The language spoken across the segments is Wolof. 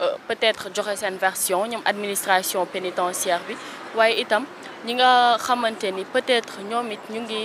Euh, peut-être joxe seen version ñoom administration pénitentiaire bi waaye itam ñi nga xamante ni peut-être ñoom it ñu ngi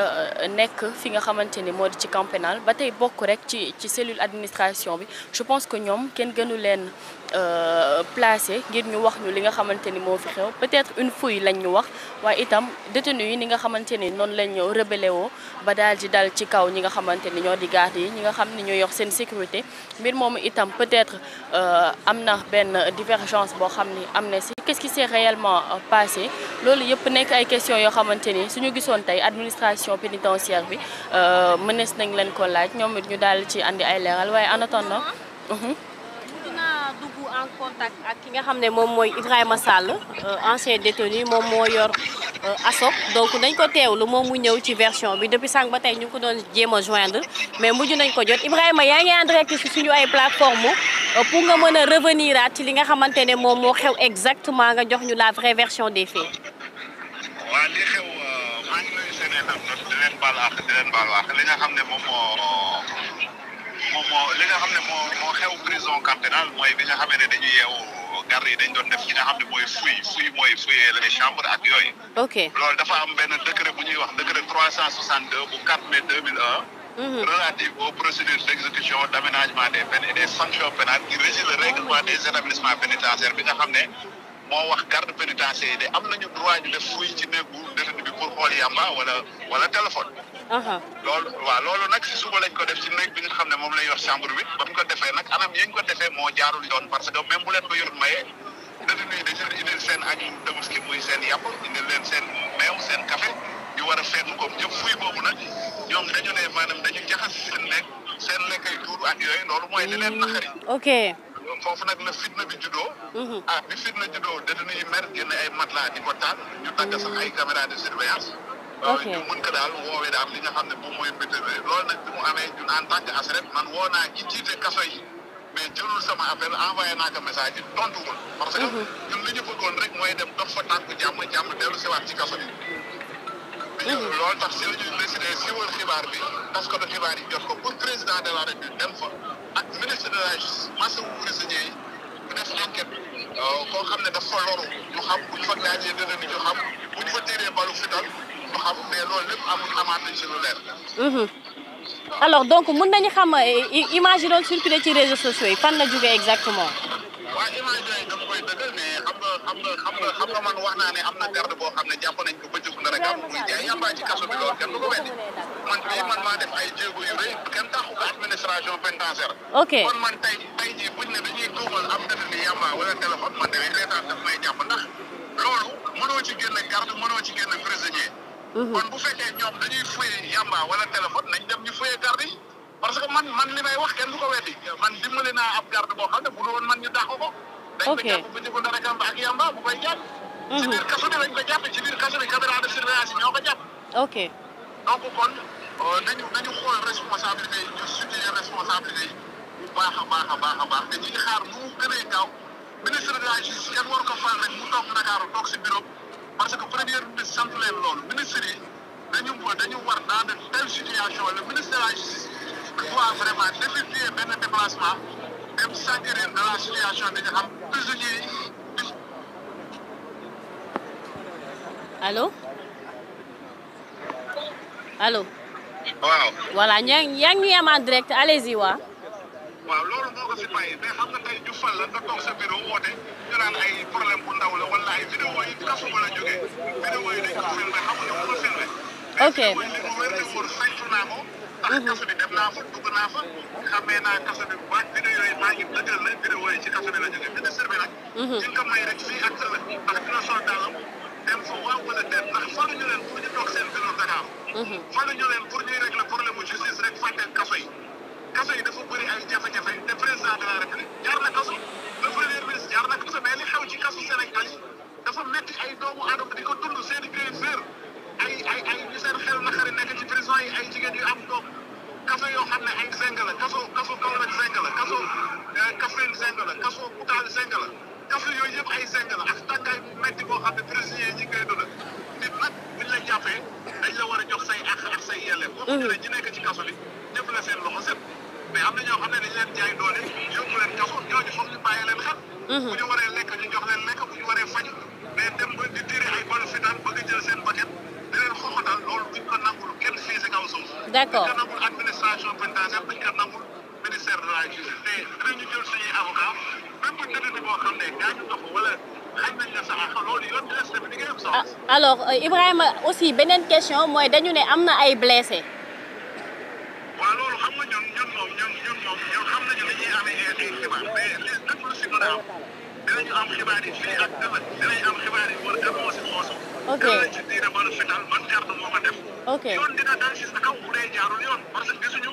euh, nekk fi nga xamante ni moo di ci campénal ba tey bokk rek ci ci cellule administration bi je pense que ñoom kenn gënu leen Euh, placé ngir ñu wax ñu li nga xamante ni moo fi xew peut-être une fouille lañ ñu wax waaye itam détenu yi ni nga xamante ni noonu lañ ñëw rebellé woo ba daal di dal ci kaw ñi nga xamante ni ñoo di garde yi ñi nga xam ni ñoo yor seen sécurité mbir moom itam peut-être euh, am na benn divergence boo xam ni am na si qu'est-ce qui s'est euh, loolu yëpp nekk ay yoo xamante ni ñu gisoon tey administration pénitentiaire bi mënees nañ leen ko laaj ñoom it ñu daal ci indi ay leeral waaye en attendant en contact ak ki nga xam ne moom mooy Ibrahima Sall euh, ancien détenu moom moo yor euh, ASOP donc dañ ko teewlu moom mu ñëw ci version bi depuis sànq ba tey ñu ko doon jéema a joindre mais mujj nañ ko jot Ibrahima yaa ngi en direct ci suñu ay plateforme euh, pour nga mën a revenir ci li nga xamante ne moom moo xew exactement nga jox ñu la vraie version des faits. saison campénale mooy bi nga xamee ne dañu yeewu gar yi dañ doon def li nga xam ne mooy fuy fuy mooy fuyee les ak yooyu. ok dafa am benn décret bu ñuy wax décret 362 bu 4 mai 2001. Mhm. relative aux procédures d'exécution d'aménagement des peines et des sanctions pénales qui régit le règlement des établissements pénitentiaires bi nga xam ne moo wax garde pénitentiaire yi de am nañu droit ñu def fuy ci néegu détenu pour xool yàmba wala wala téléphone. loolu waaw loolu nag si suba lañ ko def si néeg bi xam ne moom lay yor chambre bi ba ko defee nag anam yañ ko defee moo jaarul yoon parce que même bu leen ko yor mayee détenu yi seen añu tabaski muy seen yàpp indil leen seen meew seen café di war a fenn koom fuy boobu nag ñoom dañu ne maanaam dañu jaxas seen lekk seen lekk ay tuuru ak mooy li leen naxari. Mm, ok. foofu nag la fitna bi juddoo. Mhm. ah bi fitna juddoo détenu yi mer génne ay matelas di ko taal ñu dagg sax ay caméra de surveillance. ok euh, ñu mën ko daal woowee daal li nga xam ne moom mooy BTV loolu nag bi mu amee ñun en tant que ASRED man woo naa ci kaso yi mais jëlul sama appel envoyé naa ko message yi tontuwul. parce que mhm. ñun li ñu bëggoon rek mooy dem dox fa tànk jàmm jàmm dellu siwaat mhm. dem fa. ak ah, ministre de la justice masa wu prisonniers yi bu def enquête koo xam ne dafa loru ñu xam bu ñu fa laajee dëgg ñu xam bu ñu fa tiiree balu fital ñu xam mais loolu lépp amul amaat nañ si lu leer. Mhm. alors donc mën nañu xam euh, image yi doon circulé ci réseaux sociaux yi fan la jógee exactement. waaw image xam na xam nga man wax naa ne am na garde boo xam ne jàpp nañ ko bëccëgu na rek am muy jaay yàmbaa ci kaso bi loolu kenn du ko weddi man mii man maa def ay jéego yu kenn taxu ko administration pénitentiaire ok man tey tey jii buñ ne dañuy tuumal am def ni yàmbaa wala téléphone man damay reetaan daf may jàpp ndax loolu mënoo ci génn garde mënoo ci mhm. kon bu fekkee ñoom dañuy fuye yàmbaa wala téléphone nañ dem ñu fuye garde yi parce que man man may wax kenn du ko weddi man dimbali na ab garde boo xam ne bu du woon man ñu dàq ko ok dañ ko jàpp bind ko dara kamba ak yamba bu koy jàpp. ci mhm. biir kaso bi lañ ko jàpp ci biir kaso bi caméra de surveillance ñoo ko jàpp. ok donc kon euh, nañu nañu xool responsabilité yi ñu situer responsabilité yi bu baax a baax a baax a baax te ñuy xaar nu mu gënee gaaw ministre de la justice kenn war ko faal rek mu toog Ndakaaru toog si bureau parce que premier ministre sant leen loolu ministre yi dañu dañu war dans de telle situation le ministre de la justice doit vraiment effectuer benn déplacement. Dame Sangaré dans la situation bi nga xam prisonniers yi. allo allo. waaw. voilà ñoo yaa ngi ñuy am en direct allez-y waa. waaw loolu moo ko si bàyyi mais xam nga tey ju fal la nga toog sa bureau woote ñu naan ay problème bu ndaw la wala ay vidéo yi kasuma la jógee vidéo yi dañ ko filmé xamuñu ko filmé. ok mais vidéo yi li mu wér-li mu wóor saytu naa ko. ndax kaso bi dem naa fa dugg naa fa xamee naa kaso bi bu baax vidéo yooyu maa ngi dëggal la vidéo yooyu ci kaso bi la jógee ministre bi nag mhm. ñu ko may rek fii ak ëllëg ndax dina sol daalam dem fa waaw wala dem ndax faluñu leen pour ñu toog seen bureau Dakar mhm. faluñu leen pour ñuy régler problème mu justice rek fàtte kaso yi kaso yi dafa bëri ay jafe-jafe te président de la république jaar na kaso le premier ministre jaar na kaso mais li xew ci kaso Sénégal yi dafa metti ay doomu aadama di ko dund seen i ay ay ay ñu seen xel naqari nekk ci prison yi ay jigéen yu am doom kaso yoo xam ne ay zinc la kaso kaso Kaolack zinc la kaso euh, Kaffrine zinc kaso Koutal yëpp ay zinc ak tàngaay bu métti boo xam yi ñu ngi nit nag buñ la jàppee dañ la a jox say ak say yelleef. Mhm. waxuñu ne ñi nekk ci kaso bi ñëpp la seen loxo set mais am na ñoo xam ne dañ leen jaay doole yóbbu leen kaso ñooñu foog ñu bàyyi leen xel. Mhm. ñu waree lekk ñu jox lekk bu ñu waree faj mais dem ba di tiire ay bol fi daan jël seen paquet di leen xoxatal loolu duñ ne buñ ah, euh, aussi beneen question mooy dañu ne am na ay blessé. waaw loolu xam nga ñun ñun moom ñun ñun moom ñun xam nañu li ok yoon dina dal si sa kaw bu dee jaarul yoon parce que gisuñu.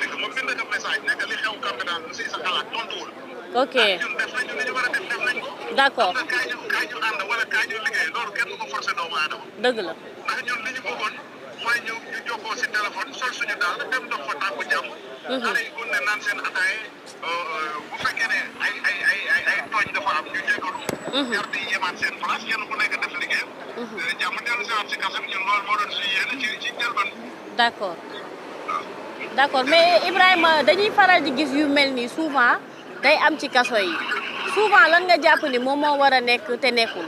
ma bind ko message nekk li xew Cambérène lu si sa xalaat tontuwul. ok ñun def nañ li ñu war a def def nañ ko. d' accord ndax kaay ñu kaay ñu ànd wala kaay ñu liggéey loolu kenn du ko forcé doomu aadama. dëgg la ndax ñun li ñu bëggoon mooy ñu ñu jokkoo si téléphone sol suñu daal dem dox fa tànku jàmm. Mhm. xale yi gunne naan seen ataaye euh, euh, bu fekkee ne ay ay ay ay ay tooñ dafa am ñu jégalu. Mhm. garde yi yemaat seen place kenn ku nekk def liggéeyam. Mhm. Euh, jàmm dellu si waat si kasam ñun loolu moo doon suñu yéene ci ci njëlbeen. d' accord. d'accord mais Ibrahima dañuy faral di gis yu mel nii souvent day am ci kaso yi souvent lan nga jàpp ni moom moo war a nekk te nekkul.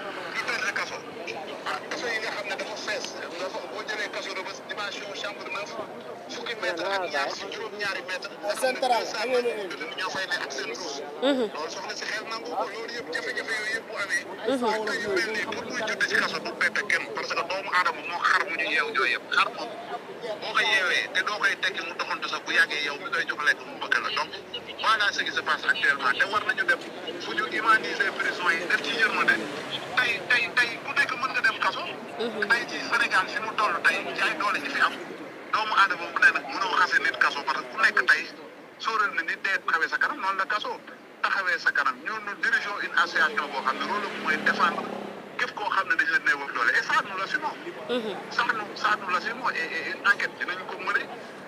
station chambre neuf fukki mètre ak ñaar si juróom-ñaari mètre. ak seen taraal ak yéen a ngi ñoo fay ne ak seen douche. Mhm. loolu soxna si xel nangu ko loolu yëpp jafe-jafe yooyu yëpp bu ak mhm. yu mel nii pour muy judd ci kaso du bett kenn parce que doomu aadama moo te doo koy tekki mu doxantu sax bu yàggee yow bi koy jox kaso. tey ci Sénégal fi mu toll tey ci ay doole ñu fi am doomu aadama bu ne nag mënoo xase nit kaso parce que ku nekk tey sóoral na nit dee taxawee sa kanam noonu la kaso taxawee sa kanam ñun nous dirigeons une association boo xam ne loolu mooy défendre képp koo xam ne dañ la néewal doole et ça nous l'assumons. sax nu sax nous l'assumons et une enquête dinañ ko mëne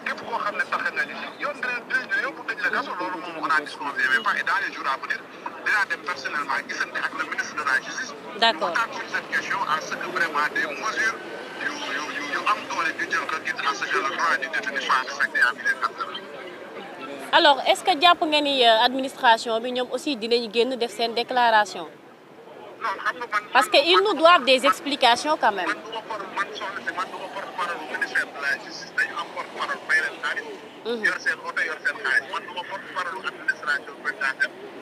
képp koo xam ne tax nga ñu si yoon dinañ dinañ la yóbbu dañ la kaso loolu moom a disconvenu mais pas et dans dinaa dem personnellement gisante ak le ministre de la justice. d'accord mu tànn sur cette question en ce que vraiment des mesures yu yu yu yu am doole ñu jël ko ngir en ce que le droit du détenu soit respecté en milieu carcéral. alors est ce que jàpp nga ni euh, administration bi ñoom aussi dinañ génn def seen déclaration. non xam nga man parce que ils nous doivent des explications quand même. man du ma porte man soxna si man du ma porte parole ministère de la justice dañu am porte parole may leen xaalis. Mhm. yor seen oto yor seen xaalis man du ma porte parole administration présidentielle.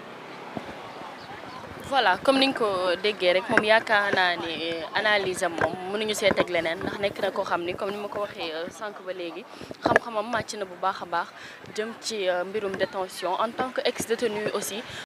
voilà comme ni nga ko déggee rek moom yaakaar naa ni euh, analyse am moom mënuñu see teg leneen ndax nekk na koo xam ni comme ni ma ko waxee euh, sànq ba léegi xam-xamam màcc na bu baax a baax jëm ci euh, mbirum détention en tant que ex détenu aussi